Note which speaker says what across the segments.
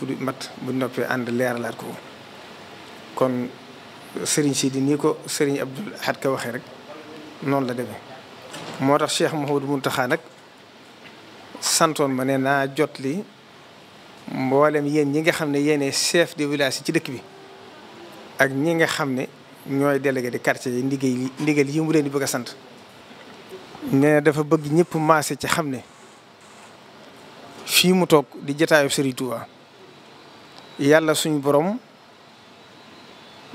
Speaker 1: lépp du mat bu noppee ànd leeralaat ko kon sëriñ si di nii ko sëriñ Abdul Ahad Ka waxee rek noonu la deme moo tax Cheikh Mouhamadou Mountakha nag santoon ma ne naa jot li mboolem yéen ñi nga xam ne yéenee chef de village ci dëkk bi ak ñi nga xam ne ñooy délégué de quartier yi ndigal yi mu leen di bëgg a sant ne dafa bëgg ñépp maase ci xam ne fii mu toog di jataayu Serigne Touba yàlla suñu borom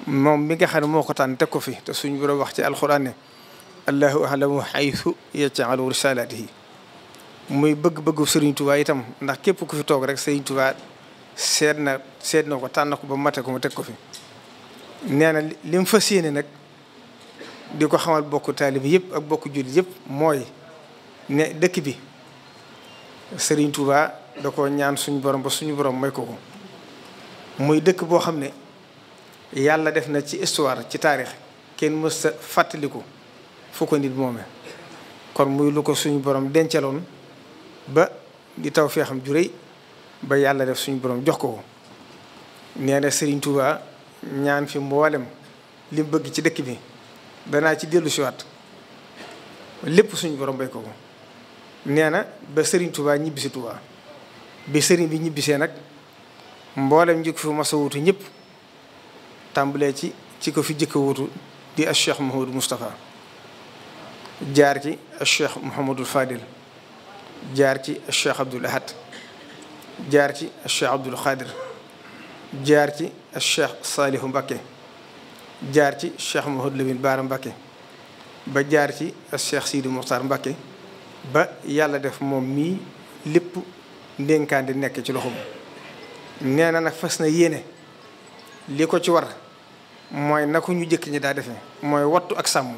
Speaker 1: moom mi nga xam ne moo ko tànn teg ko fi te suñu borom wax ci alxuraan ne allahu ahlamu haythu yaj'alu risalatihi muy bëgg-bëggu Serigne Touba itam ndax képp ku fi toog rek Serigne Touba seet na seet na ko tànn ko ba mate ko mu teg ko fi nee na li mu fas yéene nag di ko xamal bokk taalib yëpp ak bokk jullit yëpp mooy ne dëkk bi sëriñ Touba da ko ñaan suñu borom ba suñu borom may ko ko. muy dëkk boo xam ne yàlla def na ci histoire ci taarix kenn mës sa fàttaliku fu ko nit moome kon muy lu ko suñu borom dencaloon ba di taw fee xam ju ba yàlla def suñu boroom jox ko ko nee na Serigne Touba ñaan fi mboolem li bëgg ci dëkk bi danaa ci dellu siwaat lépp suñu borom bay ko ko nee na ba sëriñ Touba ñibbisi Touba bi sëriñ bi ñibbisee nag. mboolem njëkk fi masa wutu ñëpp tàmbalee ci ci ko fi jëkk wutu di al cheikh Mouhamadou jaar ci cheikh Mouhamadou Fadil jaar ci al cheikh Abdoul Ahad jaar ci al cheikh Abdoul Khadir jaar ci al cheikh Salihu Mbacké jaar ci cheikh Mouhamadou Lamine Bara Mbacké ba jaar ci al cheikh Sidi Moukhtar Mbacké ba yàlla def moom mii lépp ndénkaan di nekk ci loxoom nee na nag fas na yéene li ko ci war mooy na ñu jëkk ñi daa defee mooy wattu ak sàmm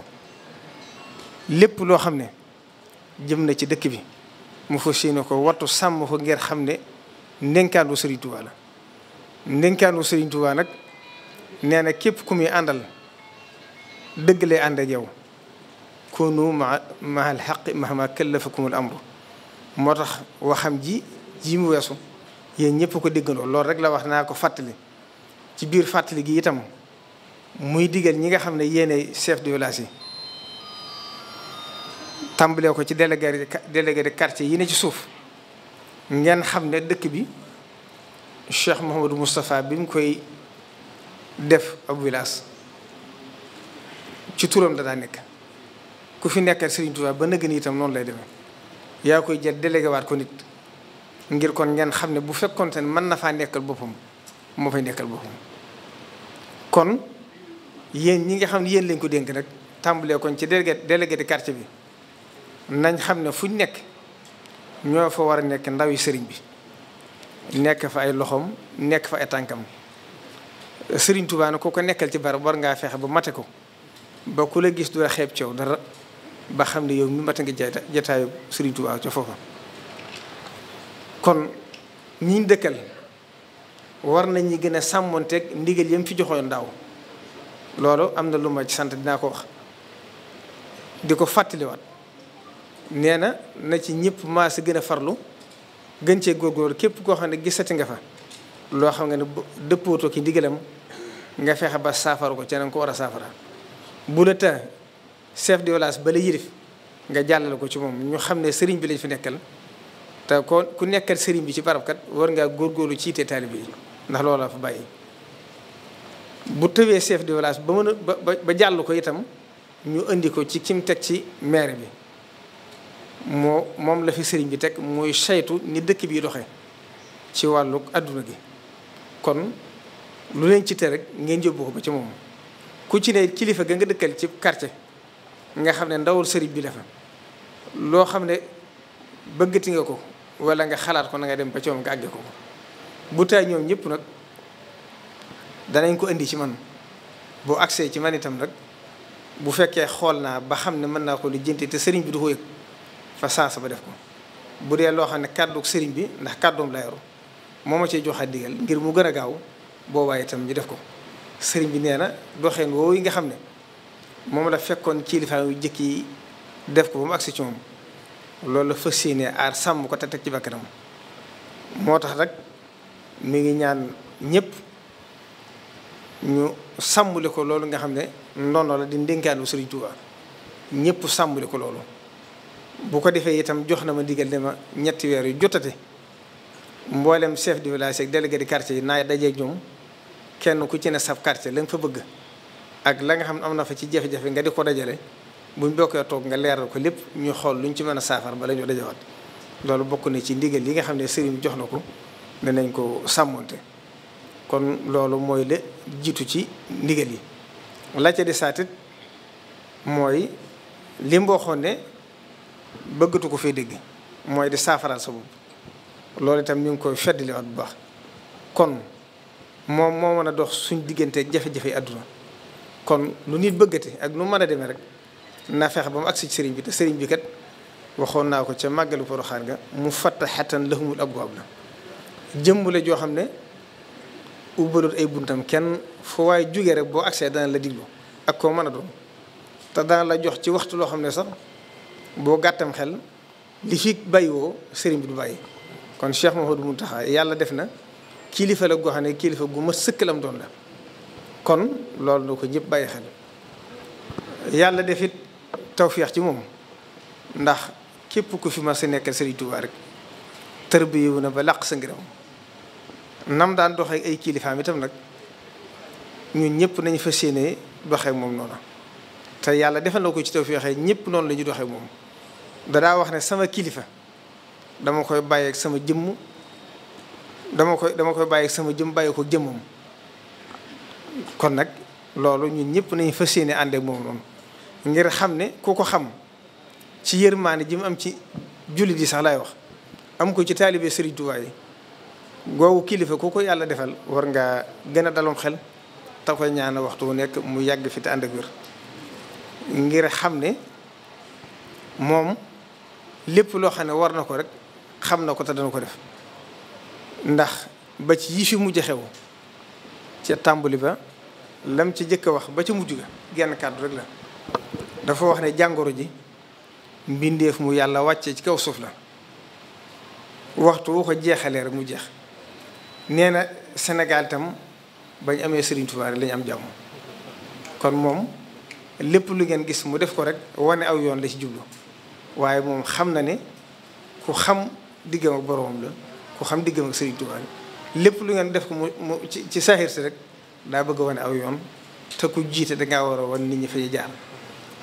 Speaker 1: lépp loo xam ne jëm na ci dëkk bi mu fas yéene ko wattu sàmm ko ngir xam ne ndénkaan wu Serigne Touba la ndénkaan wu Serigne nag nee na képp ku muy àndal dëgg lay ànd ak yow kunu ma mahal xaqi mahma kallafakumul amru moo tax waxam ji ji mu weesu yéen ñëpp ko déggandoo loolu rek la wax naa ko fàttali ci biir fàttali gi itam muy digal ñi nga xam ne yéene chef de village yi tàmbalee ko ci délégué délégué de yi ne ci suuf ngeen xam ne dëkk bi Cheikh Mouhamadou Moustapha bi mu koy def ab village ci turam danaa nekk ku fi nekkal Serigne Touba ba nëgën itam noonu lay demee yaa koy jël délégué ko nit ngir kon ngeen xam ne bu fekkonte ne mën na faa nekkal boppam moo fay nekkal boppam kon yéen ñi nga xam ne yéen lañ ko dénk rek tàmbalee kon ci délégué délégué de bi nañ xam ne fuñ nekk ñoo fa war a nekk ndawi sëriñ bi nekk fa ay loxoom nekk fa ay tànkam sëriñ Tuubaa na koo ko nekkal ci barab war ngaa fexe ba mate ko ba ku la gis du la xeeb coow dara ba xam ne yow mi mate nga jataayu sëriñ Tuubaa ca foofa kon ñiñ dëkkal war nañu gën a sàmmonteeg ndigal yam fi joxoon daaw loolu am na lu ma ci sant dinaa ko wax di ko fàttaliwaat nee na na ci ñëpp maa si gën a farlu gën cee góorgóor képp koo xam ne gis gisati nga fa loo xam nga ne dëppootoo ki ndigalam nga fexe ba saafara ko ci na nga ko war a saafara bu la ta de village ba la nga jàllale ko ci moom ñu xam ne sëriñ bi lañ fi nekkal te ko ku nekkal sëriñ bi ci barab war ngaa góorgóorlu ci yitte taalibe yi ndax loolu la fa bàyyi bu tëwee chef de village ba mën a ba ba jàll ko itam ñu indi ko ci kim teg ci maire bi moo moom la fi sëriñ bi teg mooy saytu ni dëkk bi doxe ci wàllu adduna gi kon lu leen ci te rek ngeen yóbbu ko ba ci moom ku ci ne kilifa ga nga dëkkal ci karte nga xam ne ndawul sëriñ bi la loo xam ne bëggati nga ko wala nga xalaat ko na nga dem ba coom nga àgge ko bu tay ñoom ñëpp nag danañ ko indi ci man boo agsee ci man itam rek bu fekkee xool naa ba xam ne mën naa ko lijjanti te sëriñ bi du ko yëg fa saasa ba def ko bu dee loo xam ne kàddu sëriñ bi ndax kàddoom la yoru moo ma cee joxaat digal ngir mu gën a gaaw boobaa itam ñu def ko sëriñ bi nee na doxeen woowu yi nga xam ne moom la fekkoon ci kilifa yu yi def ko ba mu agsi ci moom loolu la fas yéene aar sàmm ko te teg ci bakkanam moo tax rek mu ngi ñaan ñëpp ñu sàmmule ko loolu nga xam ne ndono la di ndénkaanu Sëriñ Tuuba ñëpp sàmmule ko loolu bu ko defee itam jox na ma digal ne ma ñetti weer yu jotate mboolem chef de village ak délégué de quartier yi naay dajee ñoom kenn ku ci ne sab quartier lañ fa bëgg ak la nga xam ne am na fa ci jafe-jafe nga di ko dajale buñ bokkee toog nga leeral ko lépp ñu xool luñ ci mën a saafar bala ñu dajawaat loolu bokk na ci ndigal yi nga xam ne sëriñ jox na ko danañ ko sàmmoonte kon loolu mooy la jiitu ci ndigal yi la di saatit mooy li mu ne bëggatu ko fee dégg mooy di saafaraal sa loolu itam ñu ngi koy feddliwaat bu baax kon moom moo mën a dox suñ diggantee jafe-jafe àdduna kon lu nit bëggate ak nu mën a demee rek naa fexe ba mu agsi sëriñ bi te sëriñ bi kat waxoon naa ko ca màggalu Poroxaan ga mu fatta xattan lahumul abwaab la jëmm la joo xam ne ubbalut ay buntam kenn fu waaye jóge rek boo agsee dana la diglu ak koo mën a doon te dana la jox ci waxtu loo xam ne sax boo gàttam xel li fi bàyyiwoo sëriñ bi du bàyyi kon Cheikh Mouhamadou Mountakha yàlla def na kilifa la goo xam ne kilifa gu ma sëkkalam doon la kon loolu na ko ñëpp bàyyi xel yàlla def tawféex ci moom ndax képp ku fi ma sa nekkal Serigne Touba rek tërbiyewu na ba làq sa ngiram nam daan doxee ay kilifaam itam nag ñun ñëpp nañu fas yéene doxee moom noonu te yàlla defal ko ci tawféexee ñëpp noonu la doxee moom. dadaa wax ne sama kilifa dama koy bàyyeek sama jëmm dama koy dama koy bàyyi sama jëm bàyyi ko jëmmam kon nag loolu ñun ñëpp nañu fas yéene ànd moom noonu. ngir xam ne koo ko xam ci yërmaane ji mu am ci jullit yi sax laay wax am ko ci taalibe Serigne Touba yi googu kilifa koo ko yàlla defal war ngaa gën a dalum xel te koy ñaan waxtu nekk mu yàgg fi te ànd ak wér ngir xam ne moom lépp loo xam ne war na ko rek xam na ko te dana ko def ndax ba ci yi fi mujj xew ca tàmbali ba lam ci jëkk wax ba ca mujj ga genn kàddu rek la dafa wax ne jàngoro ji mbindeef mu yàlla wàcce ci kaw suuf la waxtu wu ko jeexalee rek mu jeex nee na Sénégal tam bañ amee Serigne Touba lañu am jàmm kon moom lépp lu ngeen gis mu def ko rek wane aw yoon la ci jublu waaye moom xam na ni ku xam diggam ak boromam la ku xam diggam ak Serigne Touba lépp lu ngeen def ko mu mu ci ci saaxiir si rek daa bëgg wane aw yoon te ku jiite dangaa war a wan nit ñi fa jaar.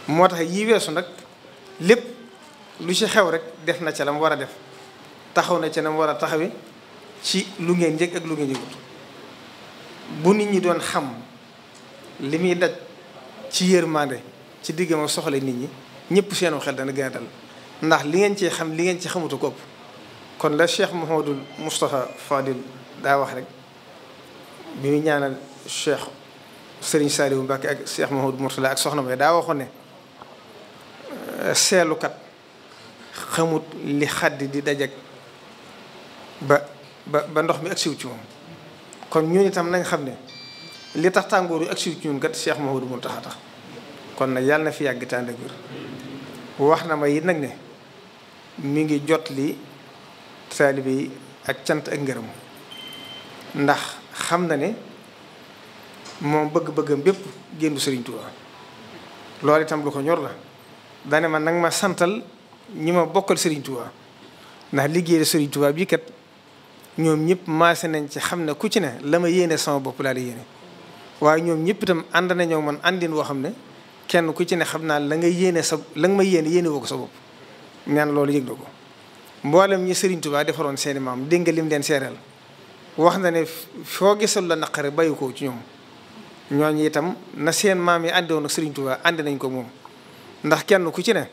Speaker 1: moo tax yii weesu nag lépp lu ci xew rek def na ca la mu war a def taxaw na ca la mu war a taxawi ci lu ngeen yëg ak lu ngeen yëgut bu nit ñi doon xam li muy daj ci yërmande ci diggam ak soxla nit ñi ñëpp seenu xel dana gën a dal ndax li ngeen ci xam li ngeen ci xamutu kopp kon la Cheikh Mouhamadul Moustapha Fadil daa wax rek bi muy ñaanal Cheikh Serigne Saliou Mbacké ak Cheikh Mouhamadou Mourtala ak soxna May daa waxoon ne seelukat xamut li xaddi di dajeg ba ba ba ndox mi agsiw ci moom kon ñun itam nañ xam ne li tax tàngoor yu agsiw ci ñun kat Cheikh Mouhamadou Mountakha tax kon nag yàlla na fi yàgg tàndag wax na ma it nag ne mi ngi jot li taalibe bi ak cant ak ngërëm ndax xam na ne moom bëgg-bëggam bépp génn Sëriñ Tuubaa loolu itam lu ko ñor la dane ma nanga ma santal ñi ma bokkal Serigne Touba ndax liggéey Serigne Touba bi kat ñoom ñëpp maase nañ ci xam ne ku ci ne la ma yéene sama bopp laa la yéene waaye ñoom ñëpp itam ànd nañoo man àndin woo xam ne kenn ku ci ne xam naa la nga yéene sa la nga ma yéene yéene woo sa bopp ñaan loolu yëg na ko mboolem ñi Serigne Touba defaroon seeni maam dégg nga lim leen seeral wax na ne foo gisal la naqare bàyyi ko ci ñoom ñooñu itam na seen maam yi àndoon ak Serigne Touba ànd nañ ko moom. ndax kenn ku ci ne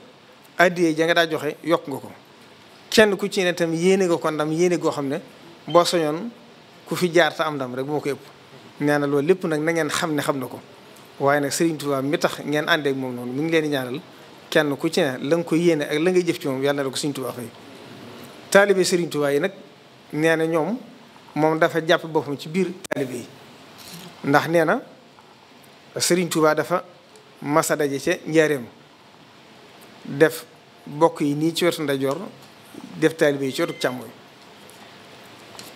Speaker 1: addiyee ja nga daa joxe yokk nga ko kenn ku ci ne tam yéene nga ko ndam yéene goo xam ne boo soñoon ku fi jaar te am ndam rek moo ko ëpp nee na loolu lépp nag na ngeen xam ne xam na ko waaye nag Serigne Touba mi tax ngeen àndeek moom noonu mi ngi leen di ñaanal kenn ku ci ne ko yéene ak la ngay jëf ci moom yàlla ko Serigne Touba fay taalibe Serigne nag nee na ñoom moom dafa jàpp boppam ci biir taalibe ndax nee na Serigne dafa masa daje ca njaareem def bokk yi nii ci wetu ndeyjoor def taalibe yi ci wetu càmmoñ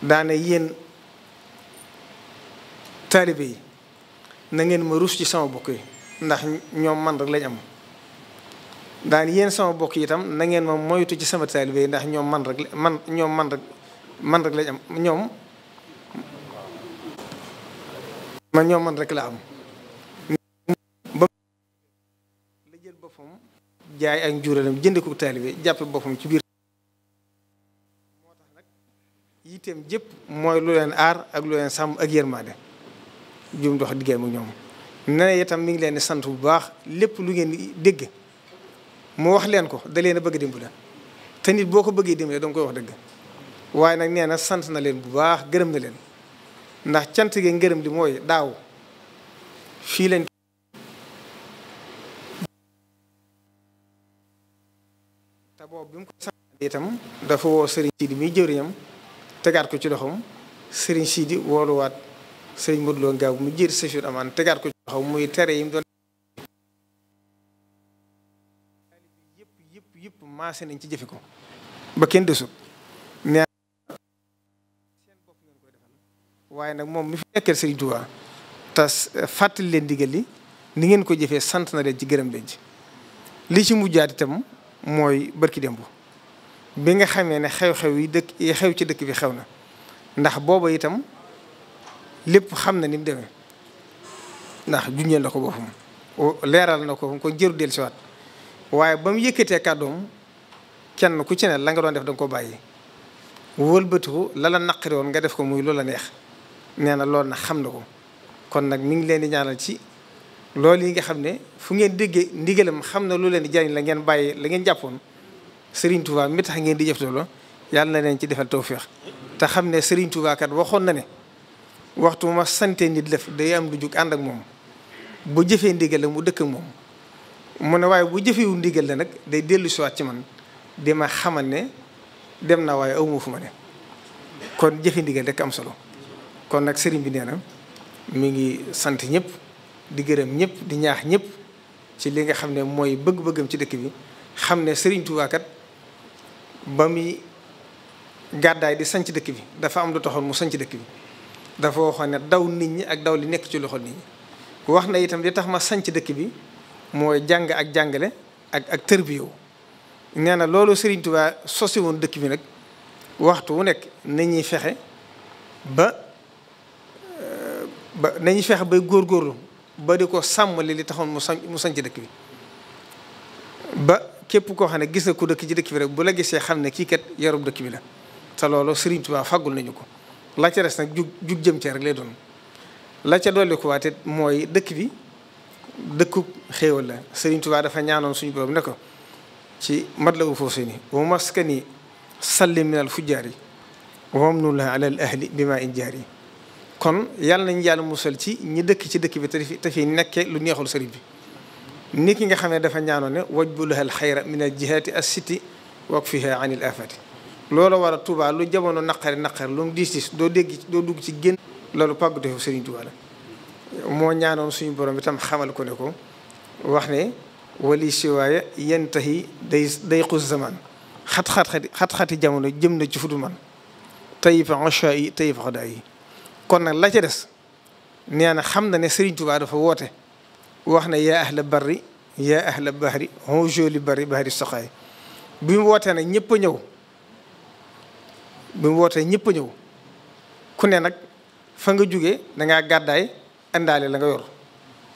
Speaker 1: daane yéen taalibe yi na ngeen ma rus ci sama bokk yi ndax ñoom man rek la am daan yéen sama bokk yi itam na ngeen ma moytu ci sama taalibe yi ndax ñoom man rek man ñoom man rek man rek lañ ñoom man ñoom man la am ba la jël boppam jaay ak njuuralam jënd ko taalibe jàppe boppam ci biir moo tax nag yitteem jëpp mooy lu leen aar ak lu leen sàmm ak yërmaande jum dox diggéey mu ñoom nene itam mi ngi leen di sant bu baax lépp lu ngeen dégg mu wax leen ko da leen a bëgg dimbale te nit boo ko bëggee dimbale danga koy wax dëgg waaye nag nee na sant na leen bu baax gërëm na leen ndax cant gi ngërëm li mooy daaw fii lañ tam dafa woo Serigne Sidi miy jëriñam tegaat ko ci loxoom Serigne Sidi wooluwaat Serigne Modou Lo mu jër Sëriñ Amaan tegaat ko ci loxoom muy tere yi mu yëpp yëpp yëpp maase nañ ci jëfe ko ba kenn desut nee seen bopp ngeen koy defal waaye nag moom mi fi nekkal Serigne tas fàttali leen digal li ni ngeen ko jëfee sant na leen ci gërëm leen ci li ci mujjaat itam mooy barki démb bi nga xamee ne xew-xew yi dëkk yi xew ci dëkk bi xew na ndax booba itam lépp xam na ni mu demee ndax junjee la ko boppam leeral na ko ko jëru del siwaat waaye ba mu yëkkatee kàddoom kenn ku ci ne la nga doon def danga ko bàyyi wëlbatiku la la naqari woon nga def ko muy la neex nee na lool nag xam na ko kon nag mi ngi leen di ñaanal ci loolu yi nga xam ne fu ngeen déggee ndigalam xam na lu leen di jariñ la ngeen bàyyi la ngeen jàppoon Serigne Touba mi tax ngeen di jëf loolu yàlla na leen ci defal feex te xam ne sëriñ Touba kat waxoon na ne waxtu ma sante nit def day am lu jug ànd ak moom bu jëfee ndigal mu dëkk moom mu ne waaye bu jëfewu ndigal la nag day dellu siwaat ci man di ma xamal ne dem naa waaye awma fu ma ne kon jëfe ndigal rek am solo kon nag sëriñ bi nee na mi ngi sant ñëpp di gërëm ñëpp di ñaax ñëpp ci li nga xam ne mooy bëgg-bëggam ci dëkk bi xam ne sëriñ Tuubaa kat ba muy gàddaay di sanc dëkk bi dafa am lu taxoon mu sanc dëkk bi dafa waxoon ne daw nit ñi ak daw li nekk ci loxo nit ñi wax na itam li tax ma sanc dëkk bi mooy jàng ak jàngale ak ak tërbiyewu nee na loolu Serigne sosiwoon dëkk bi nag waxtu wu nekk ñuy fexe ba ba nañuy fexe bay góorgóorlu ba di ko sàmmali li taxoon mu sanc mu sanc dëkk bi ba képp koo xam ne gis na ku dëkk ci dëkk bi rek bu la gisee xam ne kii kat yarub dëkk bi la te loolu Sëriñ Tuubaa fàggul nañu ko la ca nag jug jug jëm cee rek lay doon la ca dolli ko waate mooy dëkk bi dëkkub xéewal la Sëriñ Tuubaa dafa ñaanoon suñu borom ne ko ci mat la u foofu seni wa maskani salli fu jaar yi wam nu la alal ahli bi ma in jaar yi kon yàlla nañu yàlla musal ci ñi dëkk ci dëkk bi te fi nekkee lu neexul sëriñ bi nit ki nga xam ne dafa ñaanoon ne wajbuluhal xayra min al jihaati as siti wakfiha anil afati loolu war a Tuubaa lu jamono naqari naqari lu mu diis diis doo dégg doo dugg ci génn loolu pàggutefu Sëriñ Tuubaa la moo ñaanoon suñu borom bi tam xamal ko ne ko wax ne wali siwaaya yantahi day day xus zaman xat-xat xati jamono jëm na ci fu du man tayifa ocha yi tayifa xada yi kon nag la ca des nee na xam na ne Sëriñ Tuubaa dafa woote wax ne yaa ahla barri yaa ahla bahri hon joli barri bari soxaay bi mu wootee nag ñëpp ñëw bi mu wootee ñëpp a ñëw ku ne nag fa nga jóge dangaa gàddaay indaale la nga yor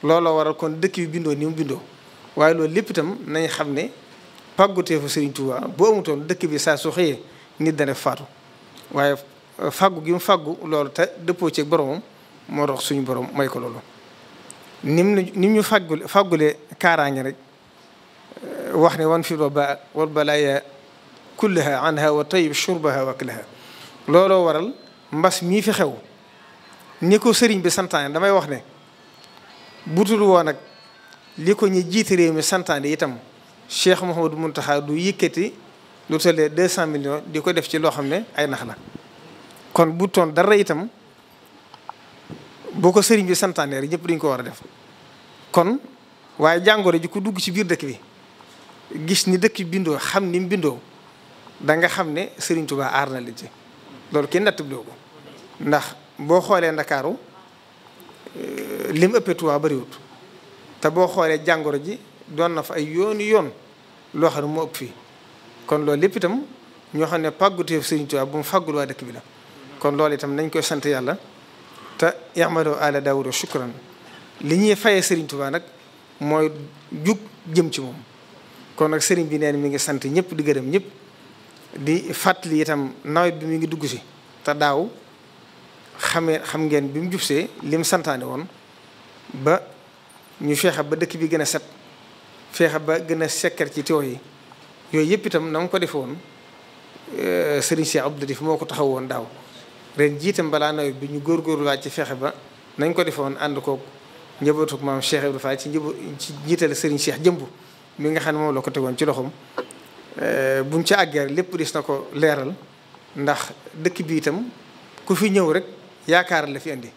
Speaker 1: looloo waral kon dëkk bi bindoo ni mu bindoo waaye loolu lépp itam nañ xam ne pàggutee fu Serigne Touba boo amutoon dëkk bi saa su xëyee nit dana faatu waaye fàggu gi mu fàggu loolu te dëppoo ci boromam moo tax suñu borom may ko loolu nim la nim ñu faggule faggule kaaraange rek euh, wax ne wan fi waba wal balaya kullaha anha wa tayib shurbaha wa aklaha looloo waral mbas mii fi xew ni ko sëriñ bi santaane damay wax ne butul woon nag li ko ñu jiite réew mi santaane itam Cheikh Mouhamadou Mountakha du yëkkati lu tollee deux cent millions di ko def ci loo xam ne ay nax la kon bu toon dara itam boo ko sëriñ bi santaane rek ñëpp dañu ko war a def kon waaye jàngoro ji ku dugg ci biir dëkk bi gis ni dëkk bindoo xam ni bindoo da nga xam ne sëriñ Tuubaa aar na la ci loolu kenn natt bi ko ndax boo xoolee ndakaaru euh, lim ëppee Tuubaa bariwut te boo xoolee jàngoro ji doon na fa ay yoon yoon loo xam ne moo ëpp fii kon loolu lépp itam ñoo xam ne pàgguteef sëriñ Tuubaa bu mu fàggul waa dëkk bi la kon loolu itam nañ koy sant yàlla te yamalu ala daawuda shukran li ñuy fayee Serigne Touba nag mooy jug jëm ci moom kon nag Serigne bi neen mi ngi sant ñëpp di gërëm ñëpp di fàttali itam nawet bi mi ngi dugg si te daaw xamee xam ngeen bi mu jubsee li mu santaane woon ba ñu feexa ba dëkk bi gën a set feexa ba gën a sekkar ci tooy yi yooyu yëpp itam na mu ko defe woon eh, Serigne Cheikh Abdou Latif moo ko taxaw woon daaw ren jiitam balaa nawet bi ñu góor góorgóorluwaat ci fexe ba nañ ko defoon ànd koog njabootuk maam Cheikh Ibrahima Fall ci njëbo ci jiitale Serigne Cheikh jëmb mi nga xam ne moom la ko tegoon ci loxoom eh, buñ ci àggee lépp des na ko leeral ndax dëkk bi itam ku fi ñëw rek yaakaar la fi indi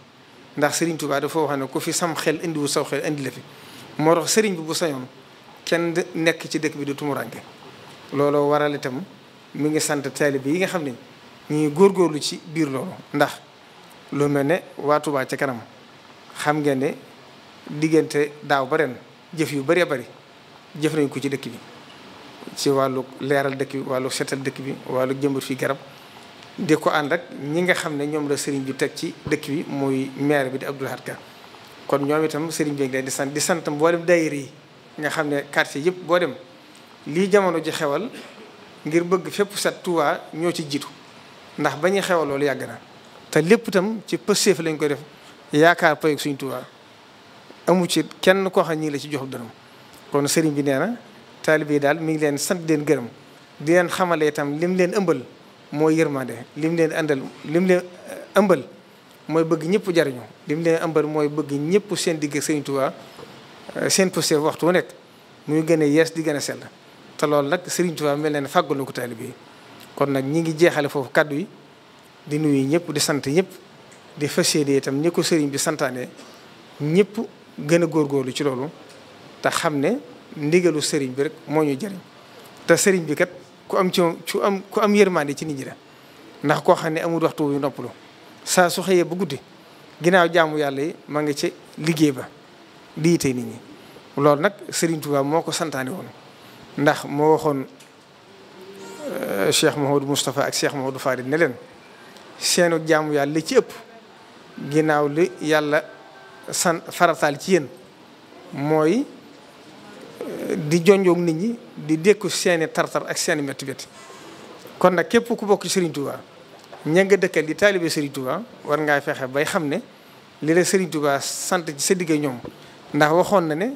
Speaker 1: ndax Serigne Touba dafa wax ne ku fi sam xel indiwu saw xel indi la fi moo rox Serigne bi bu sañoon kenn nekk ci dëkk bi du tumuranke looloo waral itam mu ngi sant taalibe yi nga xam ne. ñuy góorlu ci biir loolu ndax lu mel ne waa Touba ca kanam xam nga ne diggante daaw ba ren jëf yu bëree bëri jëf nañ ko ci dëkk bi ci wàllu leeral dëkk bi wàllu setal dëkk bi wàllu jëmbat fi garab di ko ànd ak ñi nga xam ne ñoom la sëriñ bi teg ci dëkk bi muy maire bi di Abdou Lahad Ka kon ñoom itam sëriñ bi leen di sant di sant dem daayira yi nga xam ne quartier yëpp boo dem lii jamono ji xewal ngir bëgg fépp set Touba ñoo ci jiitu ndax ba ñuy xewal loolu yàgg na te lépp itam ci pësteef lañ koy def yaakaar payog suñ Tuubaa amu ci kenn koo xam ñi ngi la ci jox dërëm kon sëriñ bi nee na taalibe yi daal mi ngi leen sant leen gërëm di leen xamale itam lim leen ëmbal mooy yërmande lim leen àndal lim leen eh, ëmbal mooy bëgg ñëpp jariñu lim leen ëmbal mooy bëgg ñëpp seen digg sëriñ Tuubaa eh, seen pësteef waxtu wu nekk muy gën a yees di gën a sell te loolu nag sëriñ Tuubaa mel leen fàggalu ko taalibe yi kon nag ñi ngi jeexale foofu kàddu yi di nuyu ñëpp di sant ñëpp di fas yéene itam ñi ko sëriñ bi santaane ñëpp gën a góor góorlu ci loolu te xam ne ndigalu sëriñ bi rek moo ñu jëriñ te sëriñ bi kat ku am ci ku am ku am yërmande ci nit ñi la ndax koo xam ne amul waxtu wu noppalu saa su xëyee ba guddi ginnaaw jaamu yàlla yi ma nga ci liggéey ba di yite nit ñi loolu nag sëriñ Tuubaa moo ko santaane woon ndax moo waxoon Euh, Cheikh Mouhamadou Moustapha ak Cheikh Mouhamadou Farid ne leen seenu jaamu yàlla li ci ëpp ginnaaw li yàlla san farataal ci yéen mooy euh, di jonjoog nit ñi di dékku seeni tartar ak seeni métti métti kon nag képp ku bokk Serigne Touba ña nga dëkkal di taalibe Serigne Touba war ngaa fexe bay xam ne li la Serigne Touba sant ci sa digge ñoom ndax waxoon na ne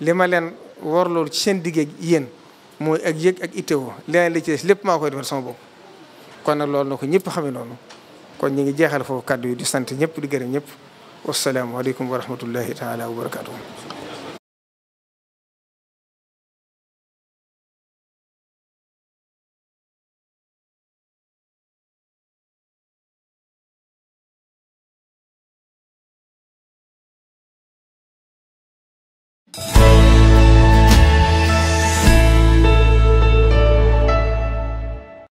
Speaker 1: li ma leen loolu ci seen digge yéen mooy ak yëg ak itteewoo leneen li lépp maa koy defal sama bopp kon nag loolu na ko ñëpp xamee noonu kon ñu ngi jeexal foofu kàddu yi di sant ñëpp di gërëm ñëpp wasalaamualeykum wa rahmatullahi taala wa barakaatu.